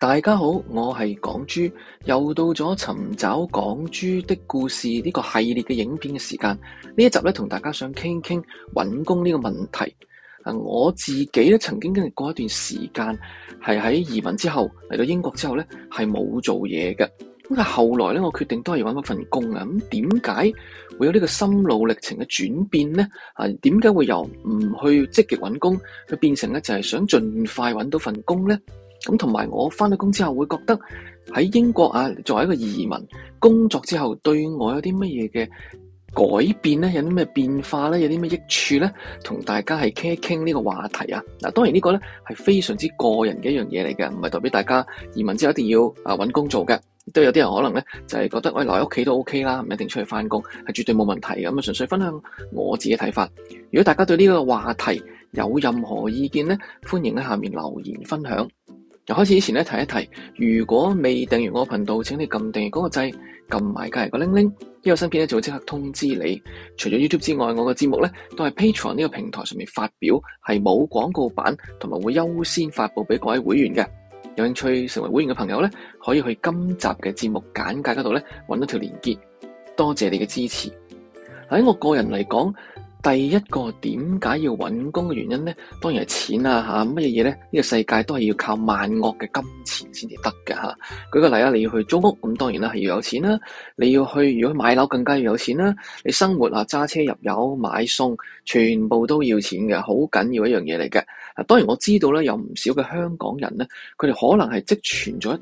大家好，我係港豬，又到咗尋找港豬的故事呢個系列嘅影片嘅時間，呢一集呢同大家想傾一傾揾工呢個問題。啊，我自己呢曾經經歷過一段時間係喺移民之後嚟到英國之後呢，係冇做嘢嘅，咁但係後來呢我決定都係揾一份工啊。咁點解會有呢個心路歷程嘅轉變呢？啊，點解會由唔去積極揾工，去變成呢，就係想盡快揾到份工呢？咁同埋，我翻咗工之後會覺得喺英國啊，作為一個移民工作之後，對我有啲乜嘢嘅改變咧？有啲咩變化咧？有啲咩益處咧？同大家係傾一傾呢個話題啊！嗱，當然呢個咧係非常之個人嘅一樣嘢嚟嘅，唔係代表大家移民之後一定要啊揾工做嘅。都有啲人可能咧就係覺得，喂，留喺屋企都 OK 啦，唔一定出去翻工，係絕對冇問題咁啊！純粹分享我自己嘅睇法。如果大家對呢個話題有任何意見咧，歡迎喺下面留言分享。開始之前咧，提一提，如果未訂閱我頻道，請你撳訂閱嗰個掣，撳埋隔籬個鈴鈴，呢個新片咧就會即刻通知你。除咗 YouTube 之外，我嘅節目咧都係 Patreon 呢個平台上面發表，係冇廣告版，同埋會優先發布俾各位會員嘅。有興趣成為會員嘅朋友咧，可以去今集嘅節目簡介嗰度咧，搵到條連結。多謝你嘅支持。喺我個人嚟講。第一個點解要搵工嘅原因咧，當然係錢啊，吓，乜嘢嘢咧？呢個世界都係要靠萬惡嘅金錢先至得嘅吓。舉個例啊，你要去租屋，咁當然啦係要有錢啦。你要去如果買樓更加要有錢啦。你生活啊，揸車入油、買餸，全部都要錢嘅，好緊要一樣嘢嚟嘅。當然我知道咧，有唔少嘅香港人咧，佢哋可能係積存咗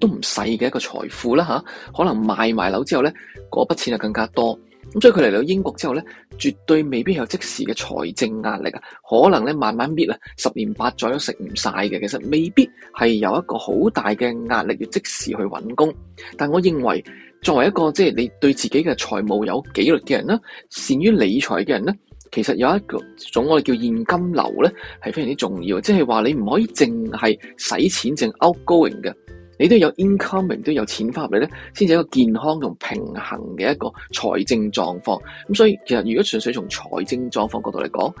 都唔細嘅一個財富啦吓，可能賣埋樓之後咧，嗰筆錢就更加多。咁所以佢嚟到英國之後咧，絕對未必有即時嘅財政壓力啊，可能咧慢慢搣啊，十年八載都食唔晒嘅，其實未必係有一個好大嘅壓力要即時去搵工。但我認為作為一個即係、就是、你對自己嘅財務有紀律嘅人啦，善於理財嘅人咧，其實有一個種我哋叫現金流咧係非常之重要，即係話你唔可以淨係使錢淨 outgoing 嘅。就是 out 你都有 incoming 都有錢翻入嚟咧，先至一個健康同平衡嘅一個財政狀況。咁所以其實如果純粹從財政狀況角度嚟講，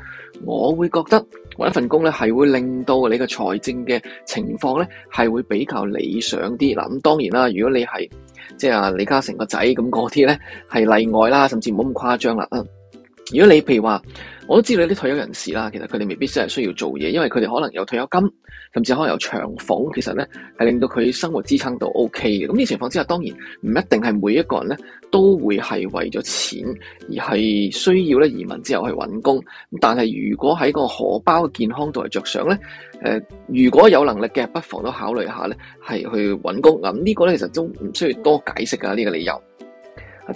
我會覺得搵一份工咧係會令到你嘅財政嘅情況咧係會比較理想啲。嗱咁當然啦，如果你係即係啊李嘉誠個仔咁嗰啲咧係例外啦，甚至唔好咁誇張啦。啊，如果你譬如話，我都知道啲退休人士啦，其實佢哋未必真係需要做嘢，因為佢哋可能有退休金，甚至可能有長俸，其實咧係令到佢生活支撐到 OK 嘅。咁呢情況之下，當然唔一定係每一個人咧都會係為咗錢而係需要咧移民之後去揾工。咁但係如果喺個荷包嘅健康度嚟着想咧，誒、呃、如果有能力嘅，不妨都考慮下咧係去揾工。咁呢個咧其實都唔需要多解釋㗎呢、呢個理由。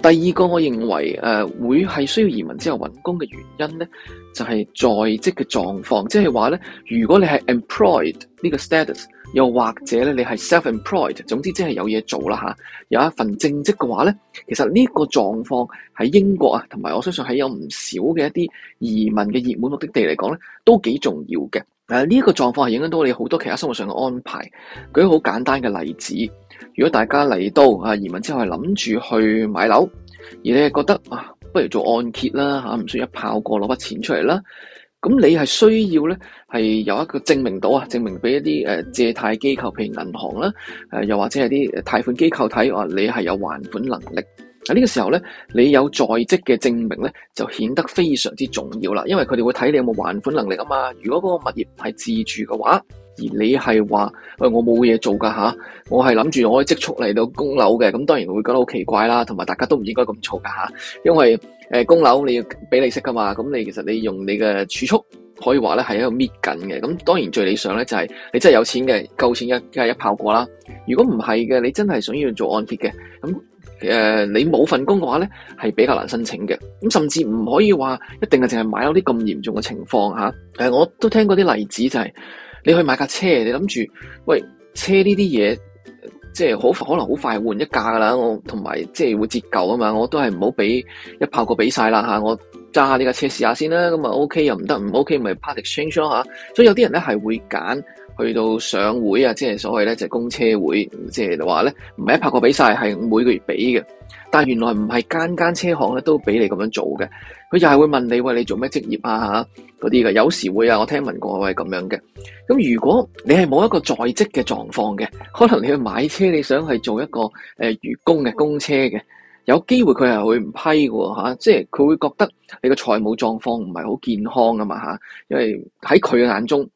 第二個，我認為誒、呃、會係需要移民之後揾工嘅原因咧，就係、是、在職嘅狀況，即係話咧，如果你係 employed 呢個 status，又或者咧你係 self-employed，總之即係有嘢做啦嚇，有一份正職嘅話咧，其實呢個狀況喺英國啊，同埋我相信喺有唔少嘅一啲移民嘅熱門目的地嚟講咧，都幾重要嘅。誒呢個狀況係影響到你好多其他生活上嘅安排。舉好簡單嘅例子。如果大家嚟到啊移民之後係諗住去買樓，而你係覺得啊，不如做按揭啦嚇，唔需要一炮過攞筆錢出嚟啦，咁你係需要咧係有一個證明到啊，證明俾一啲誒借貸機構，譬如銀行啦，誒又或者係啲貸款機構睇話你係有還款能力。喺呢個時候咧，你有在職嘅證明咧，就顯得非常之重要啦，因為佢哋會睇你有冇還款能力啊嘛。如果嗰個物業係自住嘅話，而你係話，喂我冇嘢做㗎吓、啊、我係諗住我啲積蓄嚟到供樓嘅，咁當然會覺得好奇怪啦，同埋大家都唔應該咁嘈㗎吓，因為誒、呃、供樓你要俾利息㗎嘛，咁你其實你用你嘅儲蓄可以話咧係喺度搣緊嘅，咁當然最理想咧就係、是、你真係有錢嘅，夠錢一係一炮過啦。如果唔係嘅，你真係想要做按揭嘅，咁、呃、你冇份工嘅話咧，係比較難申請嘅，咁甚至唔可以話一定係淨係買樓啲咁嚴重嘅情況嚇、啊啊。我都聽過啲例子就係、是。你去買架車，你諗住喂車呢啲嘢，即係好可能好快換一架噶啦。我同埋即係會折舊啊嘛，我都係唔好俾一炮過俾晒啦吓。我揸下呢架車試下先啦，咁啊 O K 又唔得，唔 O K 咪 part exchange 咯吓。所以有啲人咧係會揀。去到上會啊，即係所謂咧就係供車會，即係話咧唔係一拍過俾晒，係每個月俾嘅。但係原來唔係間間車行咧都俾你咁樣做嘅。佢又係會問你喂，你做咩職業啊？嚇嗰啲嘅，有時會啊，我聽聞過係咁樣嘅。咁如果你係冇一個在職嘅狀況嘅，可能你去買車，你想係做一個誒月、呃、供嘅供車嘅，有機會佢係會唔批嘅喎、啊、即係佢會覺得你個財務狀況唔係好健康啊嘛嚇，因為喺佢嘅眼中。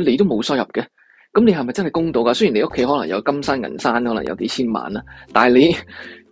你都冇收入嘅，咁你係咪真係公道噶？雖然你屋企可能有金山銀山，可能有幾千萬啦，但係你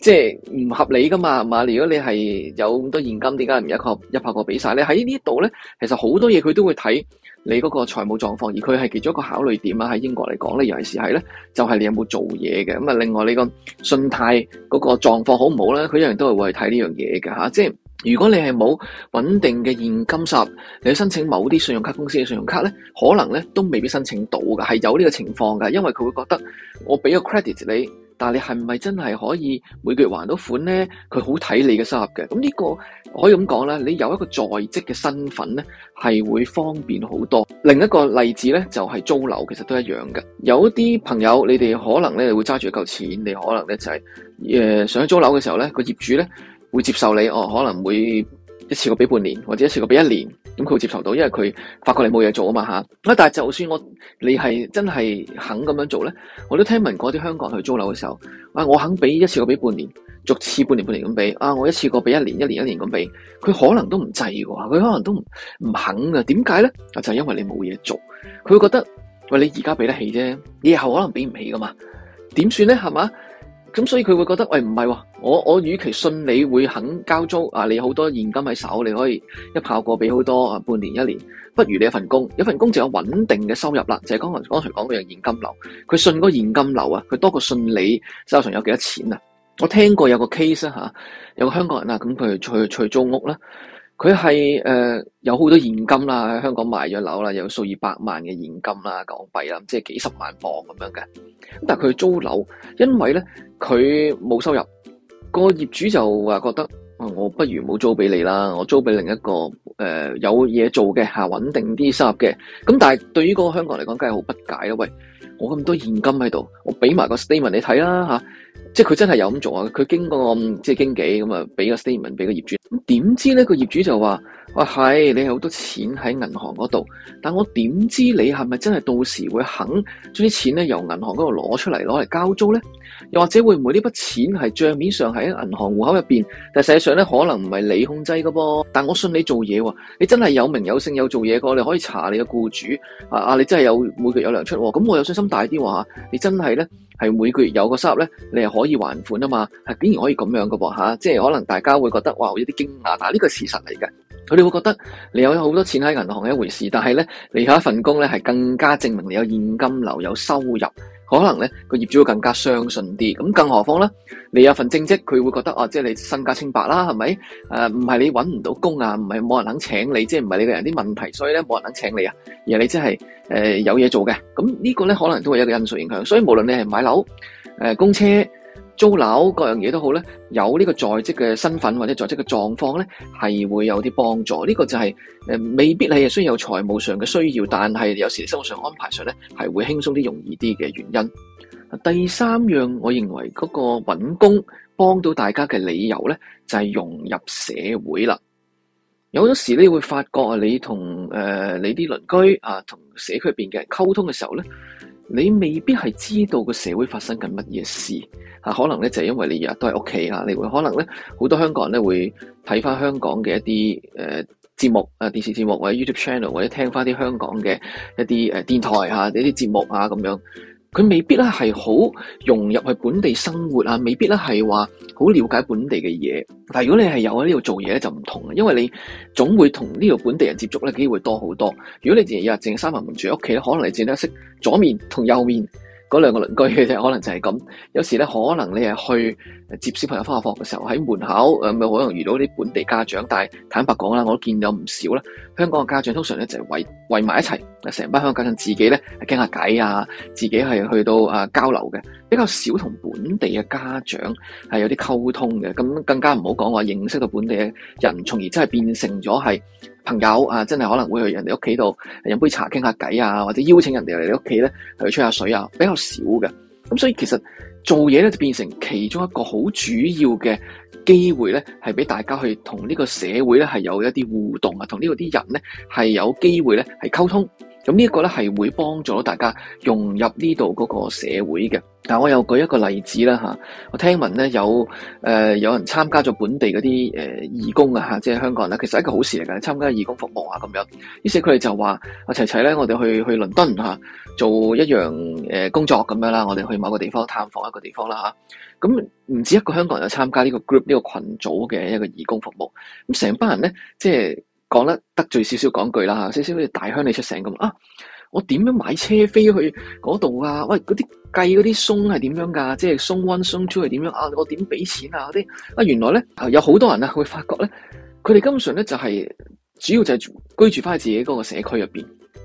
即係唔合理噶嘛，係嘛？如果你係有咁多現金，點解唔一個入拍個俾晒你？喺呢度咧，其實好多嘢佢都會睇你嗰個財務狀況，而佢係其中一個考慮點啊。喺英國嚟講咧，尤其是係咧，就係你有冇做嘢嘅。咁啊，另外你個信貸嗰個狀況好唔好咧？佢一樣都係會去睇呢樣嘢嘅吓，即係。如果你係冇穩定嘅現金收入，你去申請某啲信用卡公司嘅信用卡咧，可能咧都未必申請到㗎。係有呢個情況噶，因為佢會覺得我俾個 credit 你，但係你係唔係真係可以每個月還到款咧？佢好睇你嘅收入嘅。咁呢個可以咁講啦，你有一個在職嘅身份咧，係會方便好多。另一個例子咧，就係租樓，其實都一樣嘅。有啲朋友，你哋可能咧會揸住嚿錢，你可能咧就係誒上租樓嘅時候咧，個業主咧。會接受你哦，可能會一次過俾半年，或者一次過俾一年，咁佢接受到，因為佢發覺你冇嘢做嘛啊嘛。但係就算我你係真係肯咁樣做咧，我都聽聞嗰啲香港去租樓嘅時候，啊，我肯俾一次過俾半年，逐次半年半年咁俾，啊，我一次過俾一年，一年一年咁俾，佢可能都唔制噶，佢可能都唔肯噶，點解咧？就係、是、因為你冇嘢做，佢覺得喂，你而家俾得起啫，以後可能俾唔起噶嘛，點算咧？係嘛？咁所以佢會覺得，喂、哎，唔係喎，我我與其信你會肯交租啊，你好多現金喺手，你可以一炮過俾好多啊，半年一年，不如你一份工，有份工就有穩定嘅收入啦，就係、是、剛，剛才剛才講嘅樣現金流，佢信個現金流啊，佢多過信你手上有幾多錢啊，我聽過有個 case 啦、啊、有個香港人啊，咁佢去去去租屋啦。佢係誒有好多現金啦，喺香港賣咗樓啦，有數以百萬嘅現金啦，港幣啦，即係幾十萬磅咁樣嘅。咁但係佢租樓，因為咧佢冇收入，個業主就話覺得、呃，我不如冇租俾你啦，我租俾另一個誒、呃、有嘢做嘅嚇穩定啲收入嘅。咁但係對於個香港嚟講，梗係好不解啦。喂，我咁多現金喺度，我俾埋個 statement 你睇啦、啊。即係佢真係有咁做啊！佢經過即係經紀咁啊，俾個 statement 俾個業主，咁點知咧個業主就話。我係、啊、你有好多錢喺銀行嗰度，但我點知你係咪真係到時會肯將啲錢咧由銀行嗰度攞出嚟攞嚟交租呢？又或者會唔會呢筆錢係帳面上喺銀行戶口入面？但實際上咧可能唔係你控制嘅噃？但我信你做嘢喎，你真係有名有姓有做嘢個，你可以查你嘅僱主啊啊！你真係有每個月有糧出咁，我有信心大啲話，你真係呢，係每個月有個收入呢，你係可以還款啊嘛，係竟然可以咁樣嘅噃、啊、即係可能大家會覺得哇有啲驚訝，但呢個事實嚟嘅。佢哋會覺得你有好多錢喺銀行係一回事，但係咧你有一份工咧係更加證明你有現金流、有收入，可能咧個業主會更加相信啲。咁更何況咧，你有份正職，佢會覺得啊，即係你身家清白啦，係咪？誒、啊，唔係你搵唔到工啊,唔係冇人肯請你，即係唔係你個人啲問題，所以咧冇人肯請你啊。而係你即係誒有嘢做嘅，咁、這個、呢個咧可能都係一個因素影響。所以無論你係買樓誒、呃、供車。租樓各樣嘢都好咧，有呢個在職嘅身份或者在職嘅狀況咧，係會有啲幫助。呢個就係誒，未必係雖然有財務上嘅需要，但係有時生活上安排上咧係會輕鬆啲、容易啲嘅原因。第三樣，我認為嗰個搵工幫到大家嘅理由咧，就係融入社會啦。有好多時咧會發覺啊，你同誒你啲鄰居啊，同社區入邊嘅人溝通嘅時候咧。你未必係知道個社會發生緊乜嘢事，可能咧就係、是、因為你日日都喺屋企，你會可能咧，好多香港人咧會睇翻香港嘅一啲誒節目啊、電視節目或者 YouTube channel 或者聽翻啲香港嘅一啲誒電台一啲節目啊咁樣。佢未必咧係好融入去本地生活啊，未必咧係話好了解本地嘅嘢。但係如果你係有喺呢度做嘢咧，就唔同啦，因為你總會同呢度本地人接觸咧，機會多好多。如果你淨日淨三文門住喺屋企咧，可能你淨得識左面同右面嗰兩個鄰居嘅，可能就係咁。有時咧、嗯，可能你係去接小朋友翻學嘅時候喺門口，誒咪好容易遇到啲本地家長。但係坦白講啦，我都見到唔少啦，香港嘅家長通常咧就係為圍埋一齊，成班香港家長自己咧傾下偈啊，自己係去到啊交流嘅，比較少同本地嘅家長係有啲溝通嘅，咁更加唔好講話認識到本地嘅人，從而真係變成咗係朋友啊，真係可能會去人哋屋企度飲杯茶傾下偈啊，或者邀請人哋嚟你屋企咧去吹下水啊，比較少嘅，咁所以其實。做嘢咧就變成其中一個好主要嘅機會咧，係俾大家去同呢個社會咧係有一啲互動啊，同呢個啲人咧係有機會咧係溝通。咁呢一個咧係會幫助到大家融入呢度嗰個社會嘅。但我又舉一個例子啦嚇，我聽聞咧有誒、呃、有人參加咗本地嗰啲誒義工啊嚇，即係香港人啦，其實係一個好事嚟嘅。參加義工服務啊咁樣。於是佢哋就話：我齊齊咧，我哋去去倫敦嚇、啊、做一樣誒、呃、工作咁樣啦，我哋去某個地方探訪一個地方啦嚇。咁、啊、唔、啊、止一個香港人有參加呢個 group 呢個群組嘅一個義工服務，咁、啊、成班人咧即係。講得得罪少少，講句啦吓，少少好似大鄉里出城咁啊！我點樣買車飛去嗰度啊？喂、哎，嗰啲計嗰啲松係點樣噶？即係松 one 松 two 係點樣啊？我點俾錢啊？嗰啲啊，原來咧有好多人啊，會發覺咧，佢哋基本上咧就係、是、主要就係居住翻喺自己嗰個社區入邊，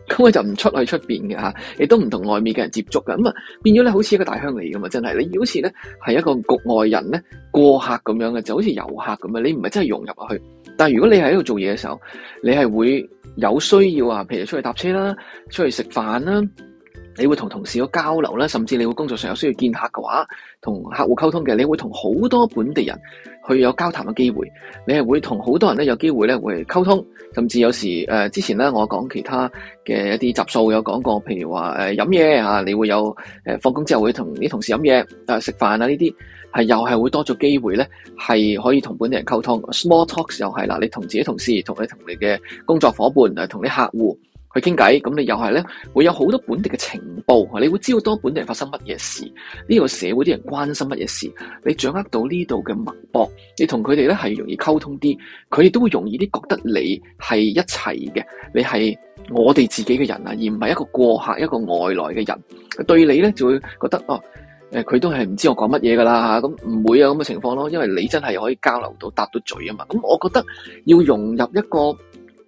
咁啊就唔出去出邊嘅吓，亦都唔同外面嘅、啊、人接觸嘅，咁啊變咗咧好似一個大鄉嚟咁啊，真係你好似咧係一個局外人咧過客咁樣嘅，就好似遊客咁啊，你唔係真係融入落去。但如果你喺度做嘢嘅時候，你係會有需要啊，譬如出去搭車啦、出去食飯啦，你會同同事有交流啦，甚至你會工作上有需要見客嘅話，同客戶溝通嘅，你會同好多本地人去有交談嘅機會，你係會同好多人咧有機會咧會溝通，甚至有時誒、呃、之前咧我講其他嘅一啲集數有講過，譬如話誒、呃、飲嘢啊，你會有誒放工之後會同啲同事飲嘢啊、食飯啊呢啲。係又係會多咗機會咧，係可以同本地人溝通。Small talk 又係啦，你同自己同事、同你同你嘅工作伙伴、同啲客戶去傾偈，咁你又係咧，會有好多本地嘅情報，你會知道多本地人發生乜嘢事，呢個社會啲人關心乜嘢事，你掌握到呢度嘅脈搏，你同佢哋咧係容易溝通啲，佢哋都會容易啲覺得你係一齊嘅，你係我哋自己嘅人啊，而唔係一個過客、一個外來嘅人，對你咧就會覺得哦。誒，佢都係唔知我講乜嘢噶啦，咁唔會有咁嘅情況咯，因為你真係可以交流到答到嘴啊嘛。咁我覺得要融入一個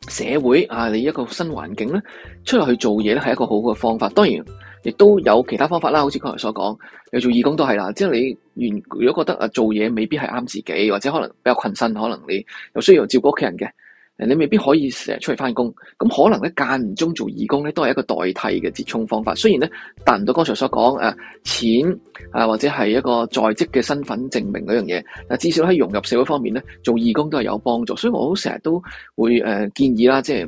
社會啊，你一個新環境咧，出嚟去做嘢咧係一個好好嘅方法。當然，亦都有其他方法啦，好似剛才所講，你做義工都係啦，即係你原如果覺得啊做嘢未必係啱自己，或者可能比較困身，可能你又需要照顧屋企人嘅。你未必可以成日出去返工，咁可能咧間唔中做義工咧都係一個代替嘅折衷方法。雖然咧達唔到剛才所講誒、啊、錢啊或者係一個在職嘅身份證明嗰樣嘢，但、啊、至少喺融入社會方面咧做義工都係有幫助。所以我好成日都會誒、呃、建議啦，即係誒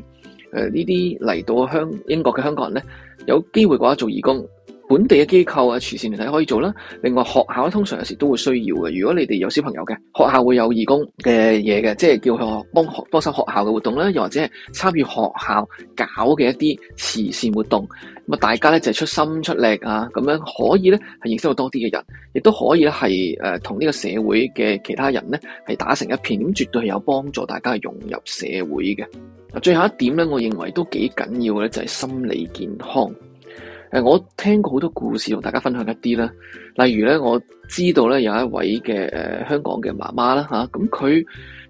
呢啲嚟到香英國嘅香港人咧，有機會嘅話做義工。本地嘅機構啊，慈善團體可以做啦。另外學校通常有時都會需要嘅。如果你哋有小朋友嘅，學校會有義工嘅嘢嘅，即係叫佢幫幫手學校嘅活動啦，又或者係參與學校搞嘅一啲慈善活動。咁啊，大家咧就係出心出力啊，咁樣可以咧係認識到多啲嘅人，亦都可以係誒同呢個社會嘅其他人咧係打成一片。咁絕對係有幫助大家融入社會嘅。嗱，最後一點咧，我認為都幾緊要嘅咧，就係心理健康。誒，我聽過好多故事，同大家分享一啲啦。例如咧，我知道咧有一位嘅誒香港嘅媽媽啦吓，咁佢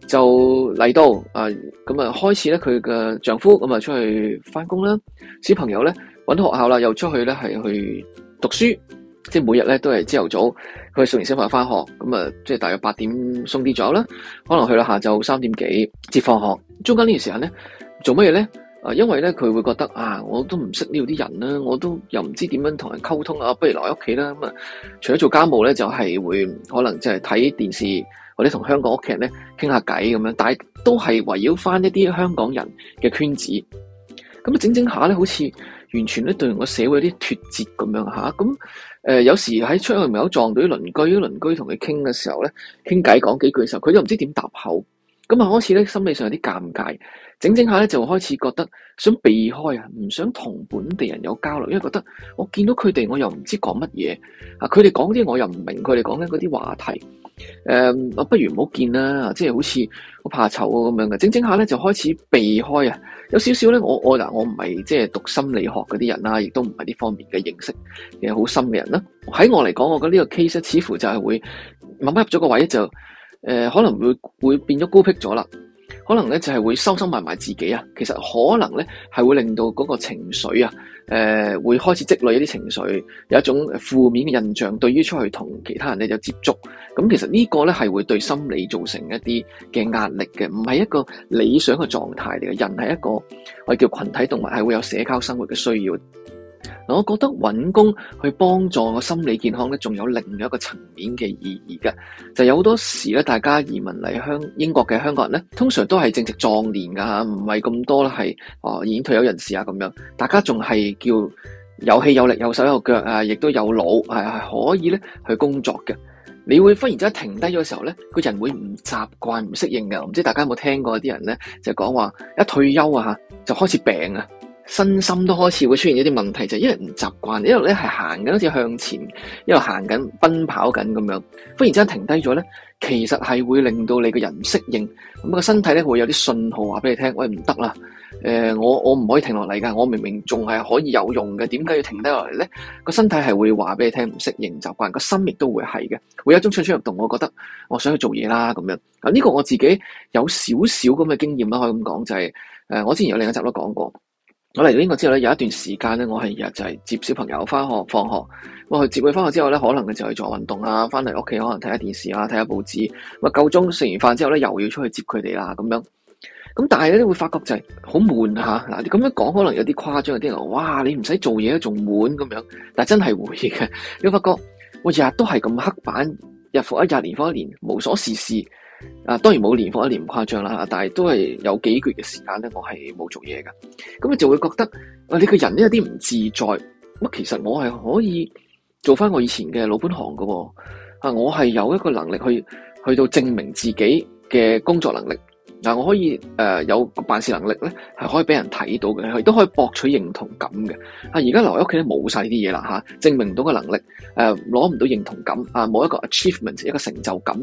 就嚟到啊，咁啊開始咧佢嘅丈夫咁啊出去翻工啦，小朋友咧搵學校啦，又出去咧係去讀書，即係每日咧都係朝頭早佢送完小朋友翻學，咁啊即係大約八點鬆啲左右啦，可能去到下晝三點幾接放學，中間呢段時間咧做乜嘢咧？啊，因為咧佢會覺得啊，我都唔識呢度啲人啦，我都又唔知點樣同人溝通啊，不如留喺屋企啦。咁啊，除咗做家務咧，就係、是、會可能即係睇電視或者同香港屋企人咧傾下偈咁樣，但係都係圍繞翻一啲香港人嘅圈子。咁啊，整整下咧，好似完全咧對個社會有啲脫節咁樣吓。咁誒，有時喺出去唔係好撞到啲鄰居，啲鄰居同佢傾嘅時候咧，傾偈講幾句嘅時候，佢又唔知點答口。咁啊，開始咧心理上有啲尷尬，整整下咧就開始覺得想避開啊，唔想同本地人有交流，因為覺得我見到佢哋我又唔知講乜嘢啊，佢哋講啲我又唔明，佢哋講緊嗰啲話題，誒、嗯，我不如唔好見啦，即係好似好怕醜啊咁樣嘅，整整下咧就開始避開啊，有少少咧我我嗱我唔係即係讀心理學嗰啲人啦，亦都唔係呢方面嘅認識嘅好深嘅人啦，喺我嚟講，我覺得呢個 case 咧似乎就係會慢慢入咗個位就。誒、呃，可能會會變咗孤僻咗啦，可能咧就係、是、會收收埋埋自己啊，其實可能咧係會令到嗰個情緒啊，誒、呃，會開始積累一啲情緒，有一種負面嘅印象，對於出去同其他人咧接觸，咁、嗯、其實呢個咧係會對心理造成一啲嘅壓力嘅，唔係一個理想嘅狀態嚟嘅，人係一個我哋叫群體動物，係會有社交生活嘅需要。嗱，我覺得搵工去幫助個心理健康咧，仲有另一個層面嘅意義嘅，就有好多時咧，大家移民嚟香英國嘅香港人咧，通常都係正值壯年噶吓，唔係咁多係哦已經退休人士啊咁樣，大家仲係叫有氣有力，有手有腳啊，亦都有腦，係係可以咧去工作嘅。你會忽然之間停低咗嘅時候咧，個人會唔習慣、唔適應嘅。唔知大家有冇聽過啲人咧，就講話一退休啊吓，就開始病啊。身心都開始會出現一啲問題，就係因為唔習慣，一路咧係行緊，好似向前，一路行緊，奔跑緊咁樣。忽然之間停低咗咧，其實係會令到你個人唔適應。咁、個身體咧會有啲信號話俾你聽，喂，唔得啦呃，我我唔可以停落嚟㗎，我明明仲係可以有用嘅，點解要停低落嚟咧？個身體係會話俾你聽，唔適應習慣。個心亦都會係嘅，會有一種蠢蠢欲動。我覺得我想去做嘢啦咁樣。啊，呢個我自己有少少咁嘅經驗啦，可以咁講就係呃，我之前有另一集都講過。我嚟到英國之後咧，有一段時間咧，我係日就係接小朋友翻學、放學，我去接佢翻學之後咧，可能就去做運動啊，翻嚟屋企可能睇下電視啊，睇下報紙，咁啊夠鐘食完飯之後咧，又要出去接佢哋啦，咁樣，咁但係咧你會發覺就係好悶吓嗱，咁樣講可能有啲誇張，有啲人話哇，你唔使做嘢都仲悶咁樣，但係真係會嘅，你發覺我日日都係咁黑板，日復一日，年復一年，無所事事。啊，當然冇年復一年誇張啦，但係都係有幾個月嘅時間咧，我係冇做嘢噶，咁你就會覺得啊，你個人呢，有啲唔自在。咁其實我係可以做翻我以前嘅老本行噶，啊，我係有一個能力去去到證明自己嘅工作能力。嗱，我可以誒、呃、有辦事能力咧，係可以俾人睇到嘅，亦都可以博取認同感嘅。啊，而家留喺屋企咧冇晒呢啲嘢啦吓，證明唔到個能力，誒、呃，攞唔到認同感，啊，冇一個 achievement，一個成就感。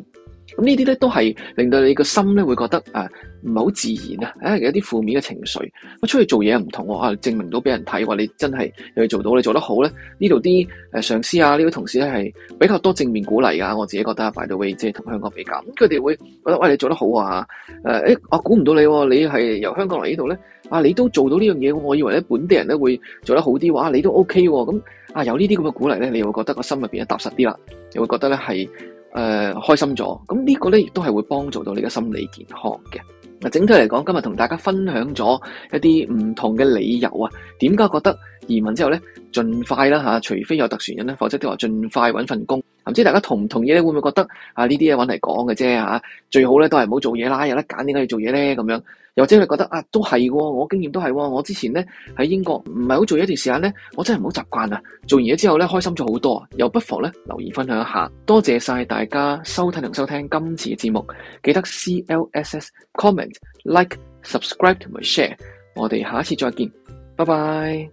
咁呢啲咧都係令到你個心咧會覺得啊唔係好自然啊，啊有啲負面嘅情緒。咁出去做嘢唔同，啊證明到俾人睇，話你真係又去做到，你做得好咧。呢度啲誒上司啊，呢位同事咧係比較多正面鼓勵㗎。我自己覺得，by the way，即係同香港比較，咁佢哋會覺得，喂，哎，你做得好啊，誒、呃哎，我估唔到你，你係由香港嚟呢度咧，啊，你都做到呢樣嘢，我我以為咧本地人都會做得好啲，話你都 OK 喎，啊，咁啊有呢啲咁嘅鼓勵咧，你會覺得個心入邊一踏實啲啦，你會覺得咧係。誒、呃、開心咗，咁呢個咧亦都係會幫助到你嘅心理健康嘅。嗱，整體嚟講，今日同大家分享咗一啲唔同嘅理由啊，點解覺得移民之後咧？盡快啦、吓、除非有特殊人咧，否則都話盡快揾份工。唔知大家同唔同意咧？你會唔會覺得啊呢啲嘢揾嚟講嘅啫吓？最好咧都係唔好做嘢啦，有得揀點解要做嘢咧？咁樣又或者你覺得啊都係，我經驗都係，我之前咧喺英國唔係好做一段時間咧，我真係唔好習慣啊！做完嘢之後咧，開心咗好多啊！又不妨咧留言分享一下。多謝晒大家收睇同收聽今次嘅節目，記得 C L S S comment like subscribe 同埋 share。我哋下次再見，拜拜。